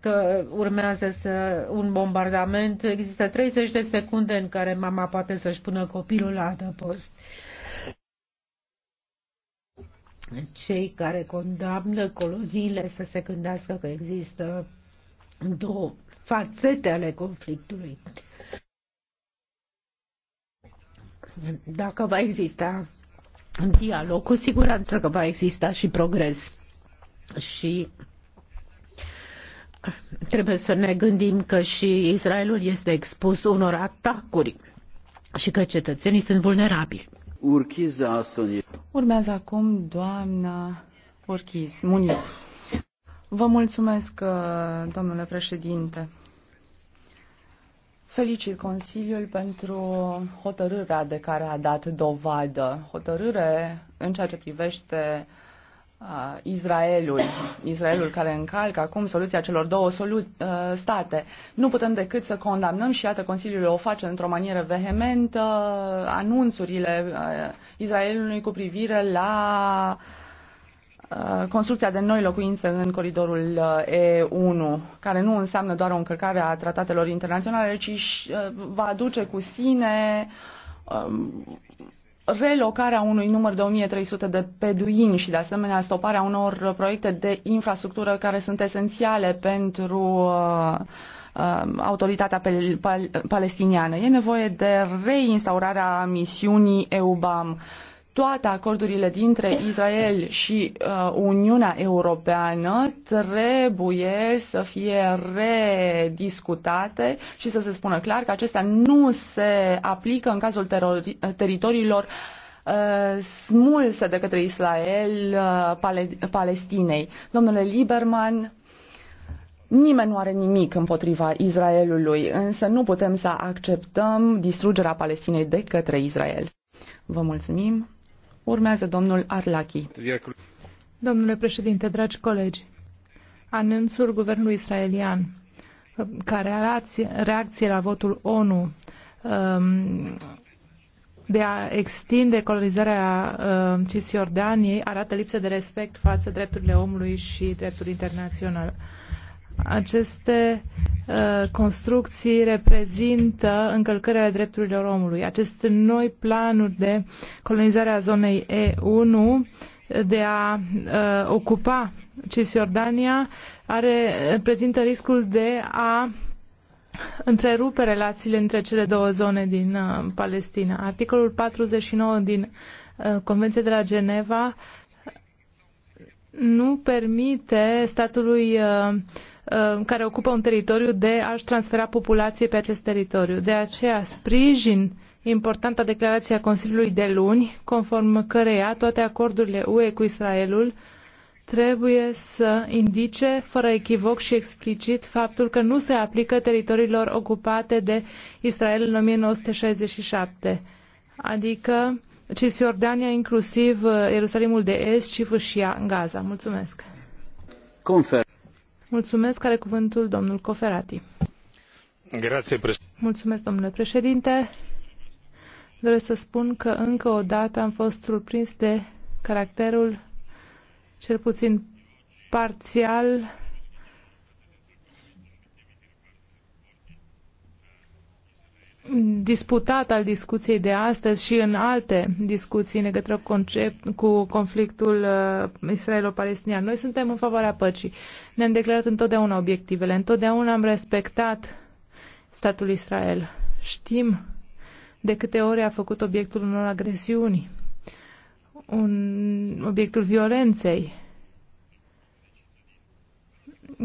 S2: că urmează să un bombardament, există 30 de secunde în care mama poate să-și pună copilul la adăpost. Cei care condamnă coloniile să se gândească că există două fațete ale conflictului. Dacă va exista dialog, cu siguranță că va exista și progres. Și trebuie să ne gândim că și Israelul este expus unor atacuri și că cetățenii sunt vulnerabili.
S3: Urmează acum doamna Urchiz, Muniz. Vă mulțumesc, uh, domnule președinte. Felicit Consiliul pentru hotărârea de care a dat dovadă. Hotărâre în ceea ce privește uh, Israelul, Israelul care încalcă acum soluția celor două solu- uh, state. Nu putem decât să condamnăm și iată Consiliul o face într-o manieră vehementă uh, anunțurile uh, Israelului cu privire la uh, Uh, construcția de noi locuințe în coridorul uh, E1, care nu înseamnă doar o încălcare a tratatelor internaționale, ci uh, va aduce cu sine um, relocarea unui număr de 1300 de peduini și de asemenea stoparea unor proiecte de infrastructură care sunt esențiale pentru autoritatea palestiniană. E nevoie de reinstaurarea misiunii EUBAM toate acordurile dintre Israel și uh, Uniunea Europeană trebuie să fie rediscutate și să se spună clar că acestea nu se aplică în cazul teritoriilor uh, smulse de către Israel uh, pale Palestinei. Domnule Lieberman, Nimeni nu are nimic împotriva Israelului, însă nu putem să acceptăm distrugerea Palestinei de către Israel. Vă mulțumim! Urmează domnul Arlachi. Domnule președinte, dragi colegi,
S1: anunțul guvernului israelian uh, ca reacție, reacție la votul ONU um, de a extinde colonizarea uh, Cisjordaniei arată lipsă de respect față drepturile omului și dreptul internațional. Aceste uh, construcții reprezintă încălcările drepturilor omului. Aceste noi planuri de colonizare a zonei E1 de a uh, ocupa Cisjordania are, prezintă riscul de a întrerupe relațiile între cele două zone din uh, Palestina. Articolul 49 din uh, Convenția de la Geneva nu permite statului uh, Uh, care ocupă un teritoriu de a-și transfera populație pe acest teritoriu. De aceea sprijin importanta declarație a Consiliului de luni, conform căreia toate acordurile UE cu Israelul trebuie să indice fără echivoc și explicit faptul că nu se aplică teritoriilor ocupate de Israel în 1967, adică Cisjordania, inclusiv uh, Ierusalimul de Est, Cifu și Gaza. Mulțumesc! Confer. Mulțumesc, are cuvântul domnul Coferati. Grazie, Mulțumesc, domnule președinte. Doresc să spun că încă o dată am fost surprins de caracterul cel puțin parțial disputat al discuției de astăzi și în alte discuții în legătură cu, concept, cu conflictul uh, israelo-palestinian. Noi suntem în favoarea păcii. Ne-am declarat întotdeauna obiectivele. Întotdeauna am respectat statul Israel. Știm de câte ori a făcut obiectul unor agresiuni, un, obiectul violenței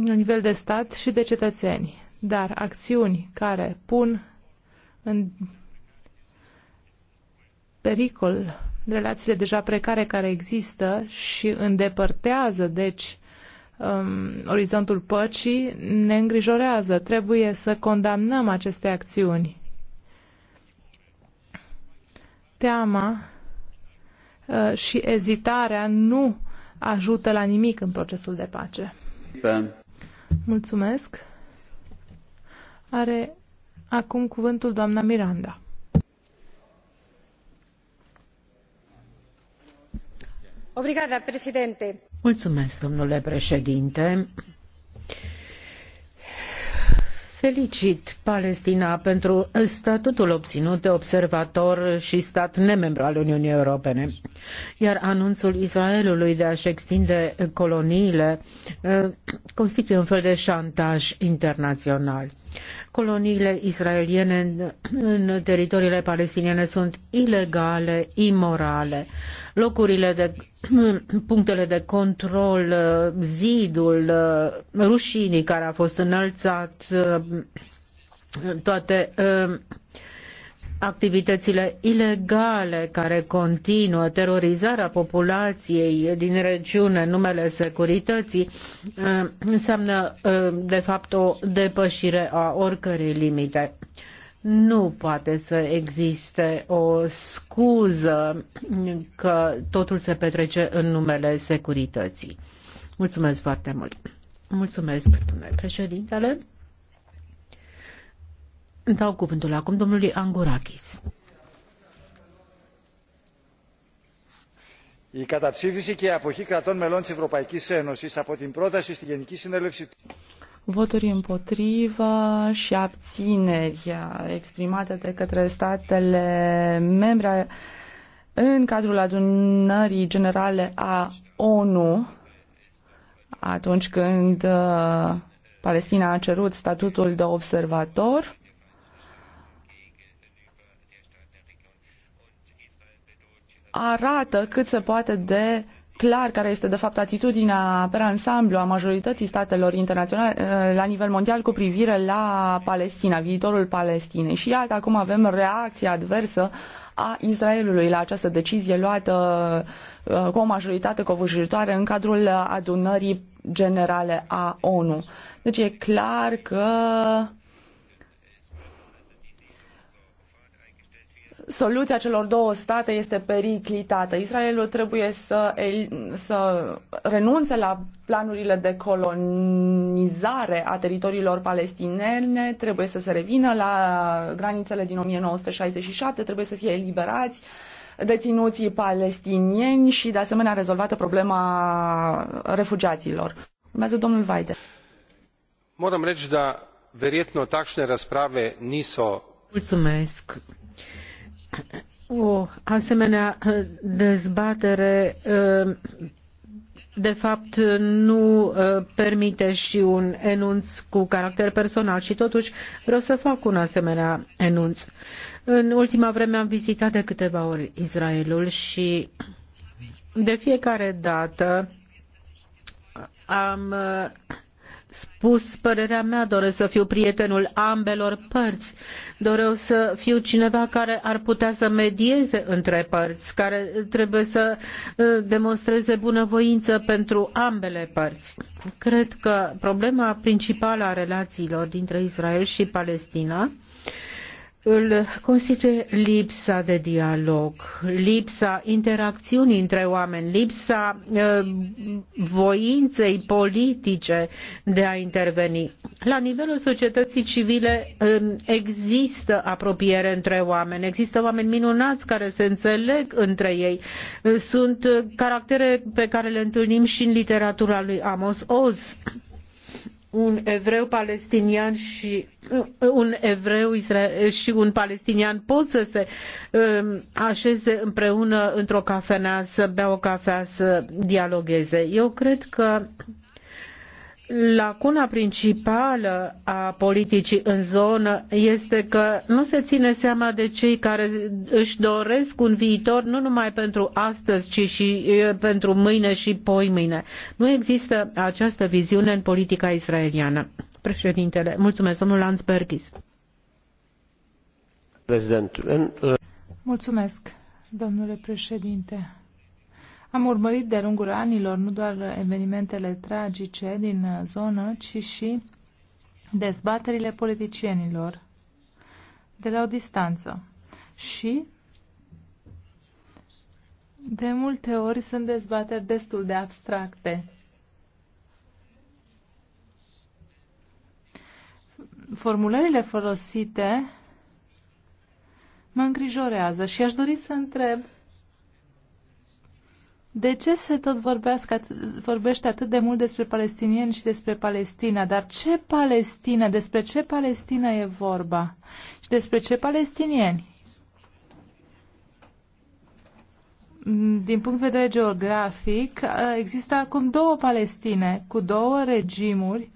S1: la nivel de stat și de cetățeni, dar acțiuni care pun în pericol relațiile deja precare care există și îndepărtează, deci, um, orizontul păcii, ne îngrijorează. Trebuie să condamnăm aceste acțiuni. Teama uh, și ezitarea nu ajută la nimic în procesul de pace. Ben. Mulțumesc. Are Acum cuvântul doamna Miranda.
S2: Obrigada, președinte. Mulțumesc, domnule președinte felicit Palestina pentru statutul obținut de observator și stat nemembru al Uniunii Europene. Iar anunțul Israelului de a-și extinde coloniile eh, constituie un fel de șantaj internațional. Coloniile israeliene în, în teritoriile palestiniene sunt ilegale, imorale. Locurile de punctele de control, uh, zidul, uh, rușinii care a fost înălțat, uh, toate activitățile ilegale care continuă, terorizarea populației din regiune în numele securității, înseamnă de fapt o depășire a oricărei limite nu poate să existe o scuză că totul se petrece în numele securității. Mulțumesc foarte mult. Mulțumesc, spune președintele. Dau cuvântul acum domnului Angurakis.
S1: Η καταψήφιση και η αποχή κρατών μελών της Ευρωπαϊκής Ένωσης από την πρόταση στη Γενική Συνέλευση
S3: voturi împotrivă și abțineri exprimate de către statele membre în cadrul adunării generale a ONU atunci când uh, Palestina a cerut statutul de observator. arată cât se poate de clar care este de fapt atitudinea pe ansamblu a majorității statelor internaționale eh, la nivel mondial cu privire la Palestina, viitorul Palestinei. Și iată, acum avem reacția adversă a Israelului la această decizie luată eh, cu o majoritate covârșitoare în cadrul adunării generale a ONU. Deci e clar că soluția celor două state este periclitată. Israelul trebuie să, să renunțe la planurile de colonizare a teritoriilor palestinene, trebuie să se revină la granițele din 1967, trebuie să fie eliberați deținuții palestinieni și, de asemenea, rezolvată problema refugiaților. Urmează domnul Vaide.
S2: Moram reći da verjetno takšne rasprave niso Mulțumesc o asemenea uh, dezbatere uh, de fapt nu uh, permite și un enunț cu caracter personal și totuși vreau să fac un asemenea enunț. În ultima vreme am vizitat de câteva ori Israelul și de fiecare dată am spus părerea mea, doresc să fiu prietenul ambelor părți, doresc să fiu cineva care ar putea să medieze între părți, care trebuie să uh, demonstreze bunăvoință pentru ambele părți. Cred că problema principală a relațiilor dintre Israel și Palestina îl constituie lipsa de dialog, lipsa interacțiunii între oameni, lipsa eh, voinței politice de a interveni. La nivelul societății civile eh, există apropiere între oameni, există oameni minunați care se înțeleg între ei. Eh, sunt caractere pe care le întâlnim și în literatura lui Amos Oz un evreu palestinian și un evreu și un palestinian pot să se um, așeze împreună într-o cafenea, să bea o cafea, să dialogueze. Eu cred că Lacuna principală a politicii în zonă este că nu se ține seama de cei care își doresc un viitor nu numai pentru astăzi, ci și pentru mâine și poimâine. Nu există această viziune în politica israeliană. Președintele, mulțumesc, domnul
S1: Mulțumesc, domnule președinte. Am urmărit de lungul anilor nu doar evenimentele tragice din zonă, ci și dezbaterile politicienilor de la o distanță. Și de multe ori sunt dezbateri destul de abstracte. Formulările folosite mă îngrijorează și aș dori să întreb de ce se tot vorbească, vorbește atât de mult despre palestinieni și despre Palestina? Dar ce Palestina? Despre ce Palestina e vorba? Și despre ce palestinieni? Mm, din punct de vedere geografic, există acum două Palestine cu două regimuri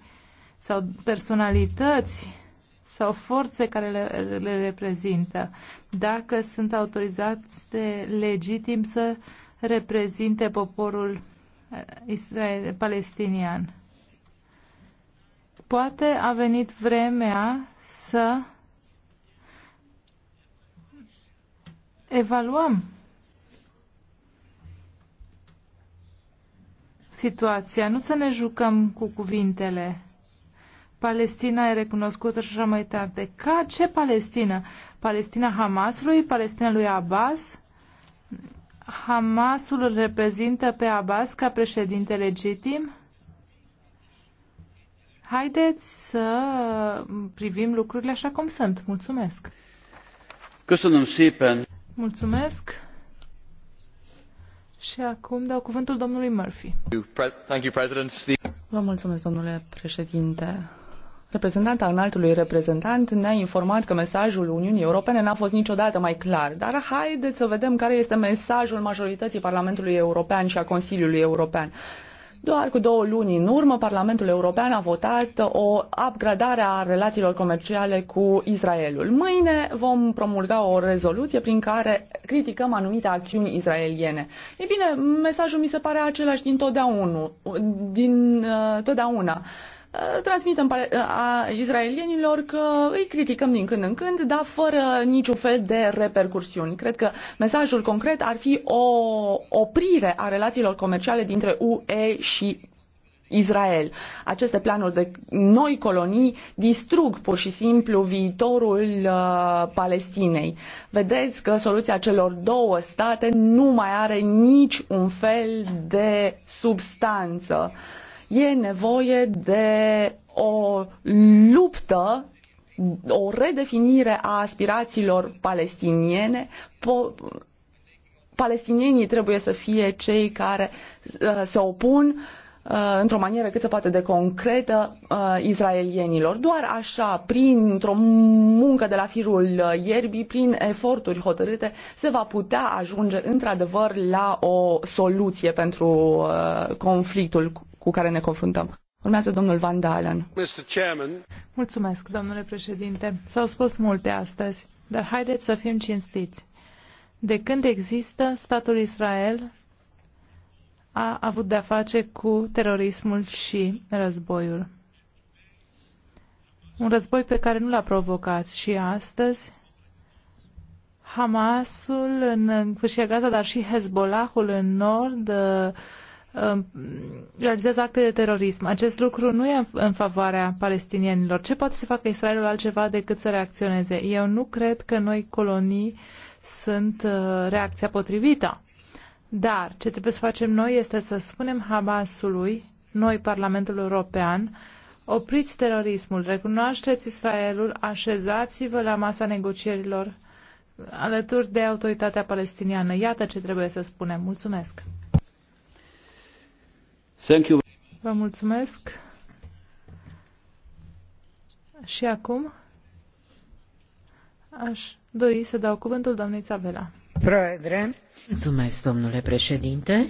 S1: sau personalități sau forțe care le, le reprezintă, dacă sunt autorizați de legitim să uh, reprezinte poporul eh, israel, palestinian. Poate a venit vremea să evaluăm situația, nu să ne jucăm cu cuvintele. Palestina e recunoscută și așa mai tarde. Ca ce Palestina? Palestina Hamasului? Palestina lui Abbas? Hamasul îl reprezintă pe Abbas ca președinte legitim? Haideți să privim lucrurile așa cum sunt. Mulțumesc! Mulțumesc!
S3: Și acum dau cuvântul domnului Murphy. Vă mulțumesc, domnule președinte. Reprezentanta al înaltului reprezentant ne-a informat că mesajul Uniunii Europene n-a fost niciodată mai clar. Dar haideți să vedem care este mesajul majorității Parlamentului European și a Consiliului European. Doar cu două luni în urmă, Parlamentul European a votat o upgradare a relațiilor comerciale cu Israelul. Mâine vom promulga o rezoluție prin care criticăm anumite acțiuni israeliene. Ei bine, mesajul mi se pare același din totdeauna. Din, uh, totdeauna. Eh, transmitem eh, izraelienilor că îi criticăm din când în când, dar fără niciun fel de repercursiuni. Cred că mesajul concret ar fi o oprire a relațiilor comerciale dintre UE și Israel. Aceste planuri de noi colonii distrug pur și simplu viitorul uh, Palestinei. Vedeți că soluția celor două state nu mai are nici un fel de substanță. Uh, E nevoie de o luptă o redefinire a aspirațiilor palestiniene. Po- palestinienii trebuie să fie cei care uh, se opun uh, Uh, într-o manieră cât se poate de concretă uh, izraelienilor. Doar așa, printr-o muncă de la firul uh, ierbii, prin eforturi hotărâte, se va putea ajunge într-adevăr la o soluție pentru conflictul cu care ne confruntăm. Urmează domnul Van Dalen.
S1: Mulțumesc, domnule președinte. S-au spus multe astăzi, dar haideți să fim cinstiți. De când există statul Israel, a avut de-a face cu terorismul și războiul. Un război pe care nu l-a provocat și astăzi Hamasul în fâșia Gaza, dar și Hezbollahul în nord uh, um, realizează acte de terorism. Acest lucru nu e în favoarea palestinienilor. Ce poate să facă Israelul altceva decât să reacționeze? Eu nu cred că noi colonii sunt uh, reacția potrivită. Dar ce trebuie să facem noi este să spunem Hamasului, noi, Parlamentul European, opriți terorismul, recunoașteți Israelul, așezați-vă la masa negocierilor alături de autoritatea palestiniană. Iată ce trebuie să spunem. Mulțumesc! Thank you. Vă mulțumesc! Și acum aș dori să dau cuvântul doamnei Țavela
S2: domnule președinte.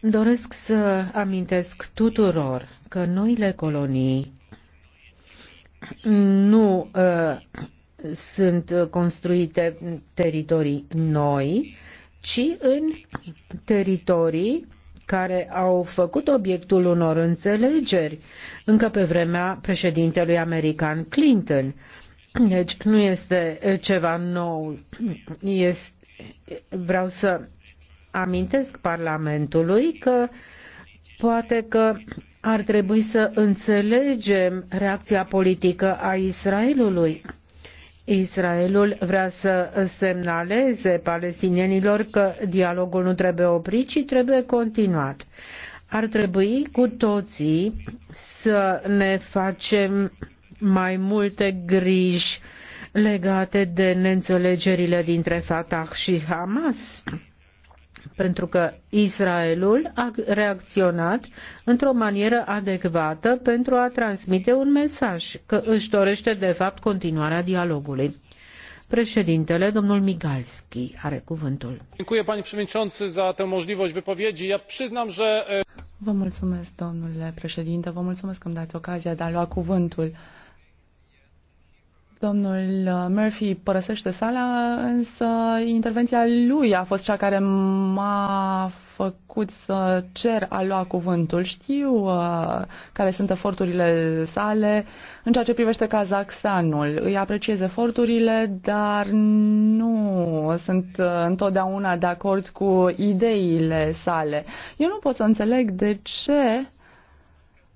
S2: Doresc să amintesc tuturor că noile colonii nu uh, sunt construite în teritorii noi, ci în teritorii care au făcut obiectul unor înțelegeri încă pe vremea președintelui american Clinton. Deci nu este eh, ceva nou. Este, vreau să amintesc Parlamentului că poate că ar trebui să înțelegem reacția politică a Israelului. Israelul vrea să semnaleze palestinienilor că dialogul nu trebuie oprit, ci trebuie continuat. Ar trebui cu toții să ne facem mai multe griji legate de neînțelegerile dintre Fatah și Hamas pentru că Israelul a reacționat într-o manieră adecvată pentru a transmite un mesaj că își dorește de fapt continuarea dialogului. Președintele, domnul Migalski,
S3: are cuvântul. Vă mulțumesc, domnule președinte, vă mulțumesc că îmi dați ocazia de a lua cuvântul. Domnul uh, Murphy părăsește sala, însă intervenția lui a fost cea care m-a făcut să cer a lua cuvântul. Știu uh, care sunt eforturile sale în ceea ce privește Kazakhstanul. Îi apreciez eforturile, dar nu sunt uh, întotdeauna de acord cu ideile sale. Eu nu pot să înțeleg de ce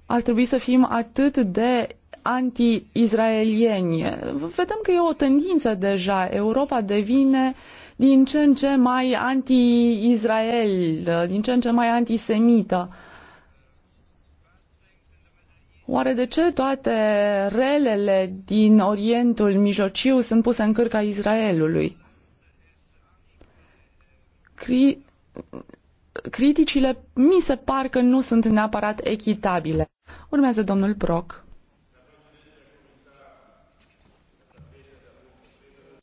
S3: ar trebui să fim atât de anti-izraelieni. Vedem că e o tendință deja. Europa devine din ce în ce mai anti-Israel, din ce în ce mai antisemită. Oare de ce toate relele din Orientul Mijlociu sunt puse în cârca Israelului? Cri- criticile mi se par că nu sunt neapărat echitabile. Urmează domnul Proc.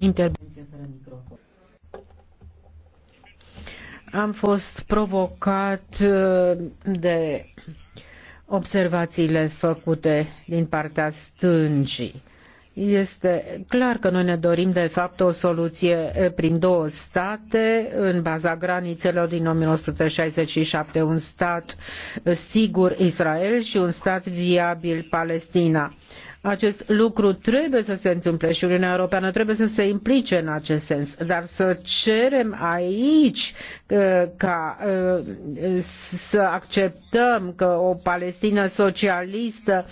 S3: Intervenție
S2: fără microfon. Am fost provocat uh, de observațiile făcute din partea stângii. Este clar că noi ne dorim de fapt o soluție uh, prin două state în baza granițelor din 1967, un stat sigur Israel și un stat viabil Palestina. Acest lucru trebuie să se întâmple și Uniunea Europeană trebuie să se implice în acest sens, dar să cerem aici uh, ca uh, să acceptăm că o Palestină socialistă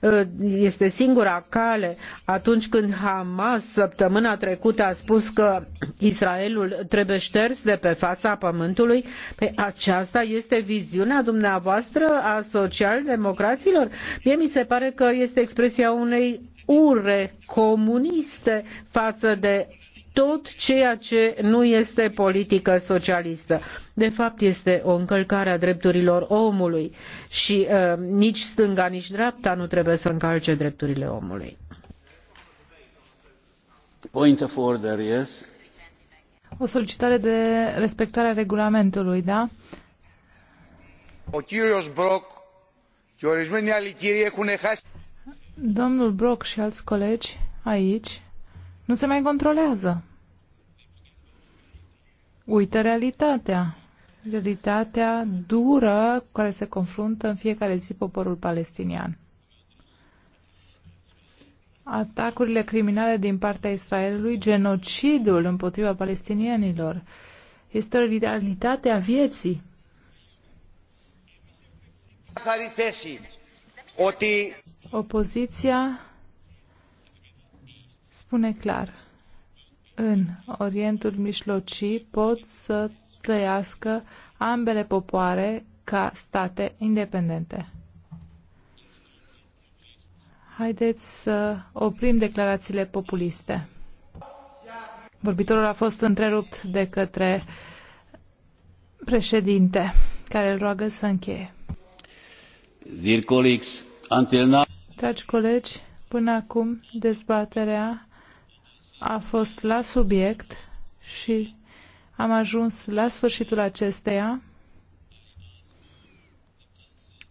S2: uh, este singura cale atunci când Hamas săptămâna trecută a spus că Israelul trebuie șters de pe fața pământului, pe aceasta este viziunea dumneavoastră a social-democraților? Mie mi se pare că este expresia unei ure comuniste față de tot ceea ce nu este politică socialistă. De fapt, este o încălcare a drepturilor omului și uh, nici stânga, nici dreapta nu trebuie să încalce drepturile omului.
S1: Point of order, yes. O solicitare de respectare a regulamentului, da? Ο κύριος και ορισμένοι άλλοι κύριοι έχουν χάσει domnul Brock și alți colegi aici nu se mai controlează. Uită realitatea. Realitatea dură cu care se confruntă în fiecare zi poporul palestinian. Atacurile criminale din partea Israelului, genocidul împotriva palestinienilor, este realitatea vieții. Opoziția spune clar, în Orientul Mijlocii pot să trăiască ambele popoare ca state independente. Haideți să oprim declarațiile populiste. Vorbitorul a fost întrerupt de către președinte, care îl roagă să încheie.
S2: Dear colleagues, until now...
S1: Dragi colegi, până acum dezbaterea a fost la subiect și am ajuns la sfârșitul acesteia.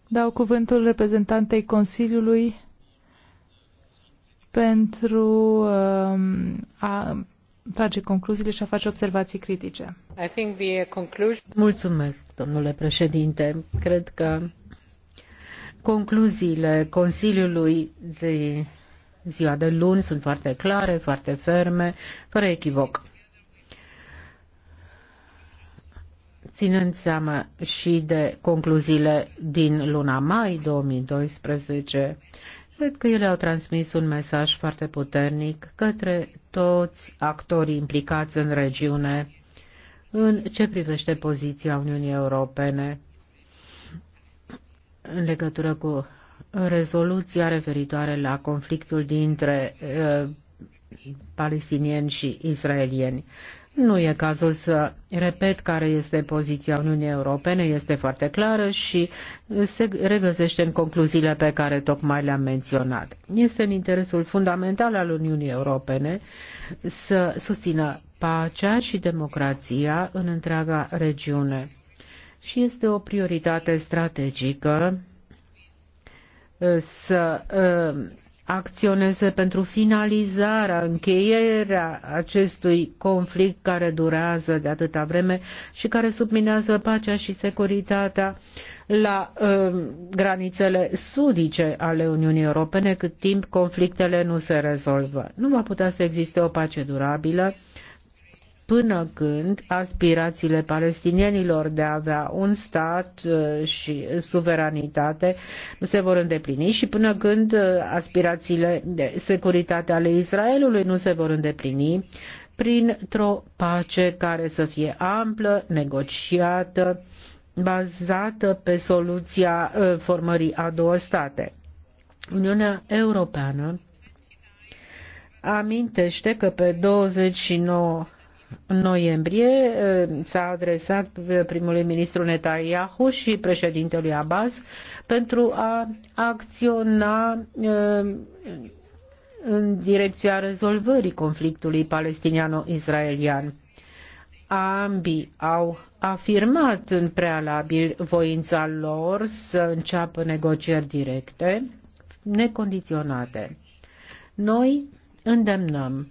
S1: Dau cuvântul reprezentantei Consiliului pentru um, a trage concluziile și a face observații
S2: critice. Mulțumesc, domnule președinte. Cred că Concluziile Consiliului de ziua de luni sunt foarte clare, foarte ferme, fără echivoc. Ținând seama și de concluziile din luna mai 2012, cred că ele au transmis un mesaj foarte puternic către toți actorii implicați în regiune în ce privește poziția Uniunii Europene în legătură cu rezoluția referitoare la conflictul dintre uh, palestinieni și israelieni. Nu e cazul să repet care este poziția Uniunii Europene, este foarte clară și se regăsește în concluziile pe care tocmai le-am menționat. Este în interesul fundamental al Uniunii Europene să susțină pacea și democrația în întreaga regiune și este o prioritate strategică uh, să uh, acționeze pentru finalizarea, încheierea acestui conflict care durează de atâta vreme și care subminează pacea și securitatea la uh, granițele sudice ale Uniunii Europene, cât timp conflictele nu se rezolvă. Nu va putea să existe o pace durabilă uh, până când aspirațiile palestinienilor de a avea un stat uh, și suveranitate nu se vor îndeplini și până când uh, aspirațiile de securitate ale Israelului nu se vor îndeplini printr-o pace care să fie amplă, negociată, bazată pe soluția uh, formării a două state. Uniunea Europeană amintește că pe 29 în noiembrie eh, s-a adresat eh, primului ministru Netanyahu și președintelui Abbas pentru a acționa eh, în direcția rezolvării conflictului palestiniano-israelian. Ambii au afirmat în prealabil voința lor să înceapă negocieri directe, necondiționate. Noi îndemnăm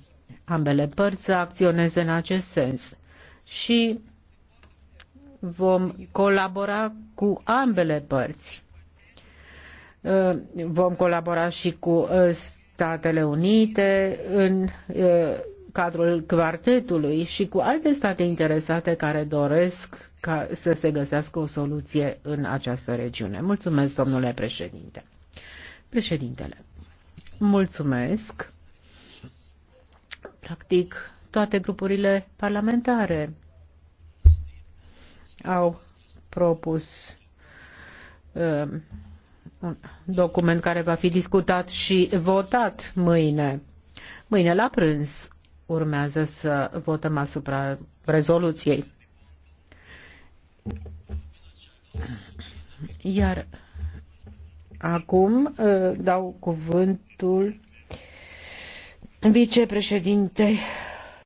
S2: ambele părți să acționeze în acest sens. Și vom colabora cu ambele părți. Uh, vom colabora și cu uh, Statele Unite în uh, cadrul quartetului și cu alte state interesate care doresc ca să se găsească o soluție în această regiune. Mulțumesc, domnule președinte. Președintele, mulțumesc. Practic, toate grupurile parlamentare au propus uh, un document care va fi discutat și votat mâine. Mâine la prânz urmează să votăm asupra rezoluției. Iar acum uh, dau cuvântul Vicepreședinte.